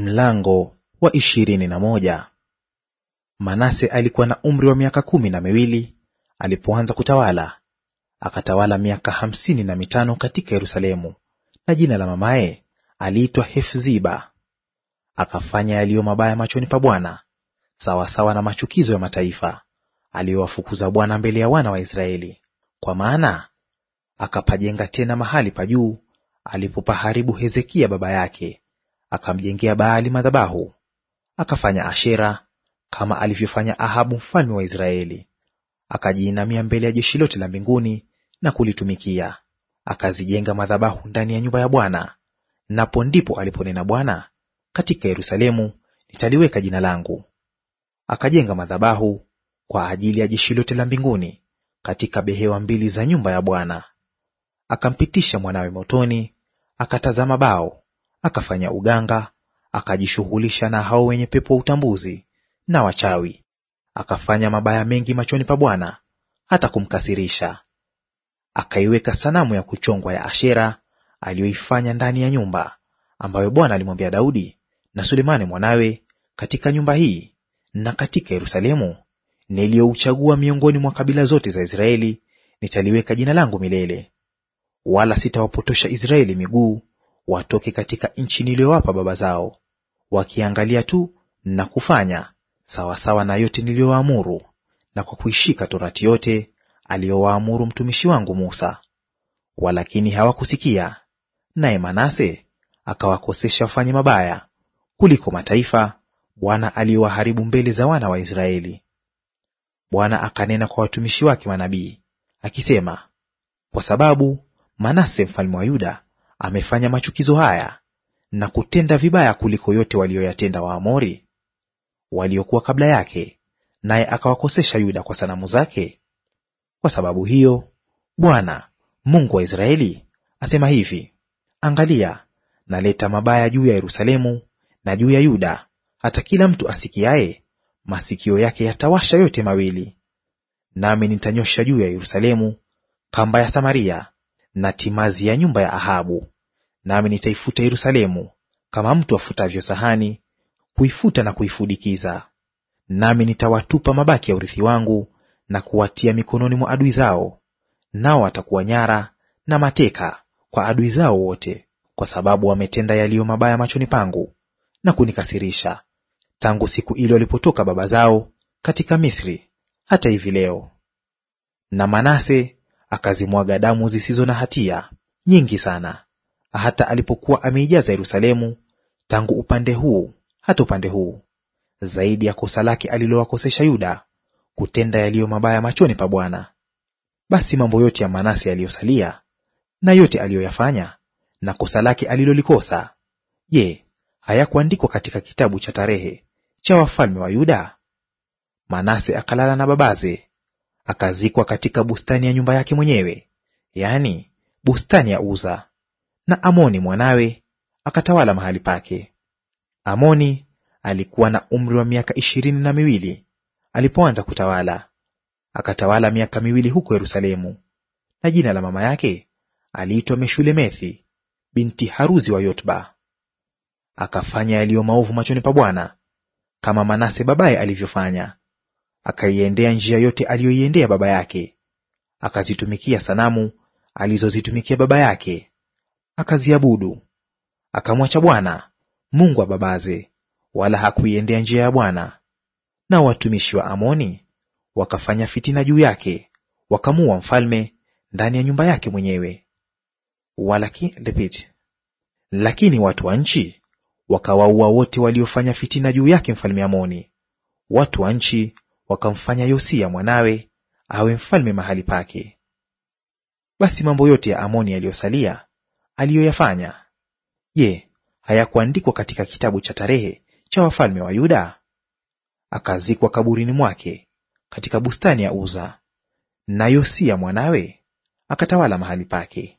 Mlango wa ishirini na moja. Manase alikuwa na umri wa miaka kumi na miwili alipoanza kutawala, akatawala miaka hamsini na mitano katika Yerusalemu, na jina la mamaye aliitwa Hefziba. Akafanya yaliyo mabaya machoni pa Bwana, sawasawa na machukizo ya mataifa aliyowafukuza Bwana mbele ya wana wa Israeli, kwa maana akapajenga tena mahali pa juu alipopaharibu Hezekia baba yake akamjengea Baali madhabahu, akafanya Ashera kama alivyofanya Ahabu mfalme wa Israeli. Akajiinamia mbele ya jeshi lote la mbinguni na kulitumikia. Akazijenga madhabahu ndani ya nyumba ya Bwana, napo ndipo aliponena Bwana, katika Yerusalemu nitaliweka jina langu. Akajenga madhabahu kwa ajili ya jeshi lote la mbinguni katika behewa mbili za nyumba ya Bwana. Akampitisha mwanawe motoni, akatazama bao, akafanya uganga, akajishughulisha na hao wenye pepo wa utambuzi na wachawi, akafanya mabaya mengi machoni pa Bwana hata kumkasirisha. Akaiweka sanamu ya kuchongwa ya Ashera aliyoifanya ndani ya nyumba ambayo Bwana alimwambia Daudi na Sulemani mwanawe, katika nyumba hii na katika Yerusalemu niliyouchagua miongoni mwa kabila zote za Israeli nitaliweka jina langu milele, wala sitawapotosha Israeli miguu watoke katika nchi niliyowapa baba zao, wakiangalia tu na kufanya sawasawa na yote niliyowaamuru, na kwa kuishika torati yote aliyowaamuru mtumishi wangu Musa. Walakini hawakusikia, naye Manase akawakosesha wafanye mabaya kuliko mataifa Bwana aliyowaharibu mbele za wana wa Israeli. Bwana akanena kwa watumishi wake manabii akisema, kwa sababu Manase mfalme wa Yuda amefanya machukizo haya na kutenda vibaya kuliko yote waliyoyatenda Waamori waliokuwa kabla yake, naye akawakosesha Yuda kwa sanamu zake. Kwa sababu hiyo Bwana Mungu wa Israeli asema hivi: Angalia, naleta mabaya juu ya Yerusalemu na juu ya Yuda, hata kila mtu asikiaye masikio yake yatawasha yote mawili. Nami nitanyosha juu ya Yerusalemu kamba ya Samaria na timazi ya nyumba ya Ahabu nami nitaifuta Yerusalemu kama mtu afutavyo sahani, kuifuta na kuifudikiza. Nami nitawatupa mabaki ya urithi wangu na kuwatia mikononi mwa adui zao, nao watakuwa nyara na mateka kwa adui zao wote, kwa sababu wametenda yaliyo mabaya machoni pangu na kunikasirisha, tangu siku ile walipotoka baba zao katika Misri hata hivi leo. Na Manase akazimwaga damu zisizo na hatia nyingi sana hata alipokuwa ameijaza Yerusalemu tangu upande huu hata upande huu, zaidi ya kosa lake alilowakosesha Yuda, kutenda yaliyo mabaya machoni pa Bwana. Basi mambo yote ya Manase yaliyosalia na yote aliyoyafanya na kosa lake alilolikosa, je, hayakuandikwa katika kitabu cha tarehe cha wafalme wa Yuda? Manase akalala na babaze, akazikwa katika bustani ya nyumba yake mwenyewe, yaani bustani ya Uza na Amoni mwanawe akatawala mahali pake. Amoni alikuwa na umri wa miaka ishirini na miwili alipoanza kutawala, akatawala miaka miwili huko Yerusalemu. Na jina la mama yake aliitwa Meshulemethi binti Haruzi wa Yotba. Akafanya yaliyo maovu machoni pa Bwana, kama Manase babaye alivyofanya. Akaiendea njia yote aliyoiendea baba yake, akazitumikia sanamu alizozitumikia baba yake, akaziabudu. Akamwacha Bwana Mungu wa babaze, wala hakuiendea njia ya Bwana. Nao watumishi wa Amoni wakafanya fitina juu yake, wakamuua mfalme ndani ya nyumba yake mwenyewe. Walaki, repeat. Lakini watu wa nchi wakawaua wote waliofanya fitina juu yake mfalme Amoni. Watu wa nchi wakamfanya Yosia mwanawe awe mfalme mahali pake. Basi mambo yote ya Amoni yaliyosalia aliyoyafanya, je, hayakuandikwa katika kitabu cha tarehe cha wafalme wa Yuda? Akazikwa kaburini mwake katika bustani ya Uza, na Yosia mwanawe akatawala mahali pake.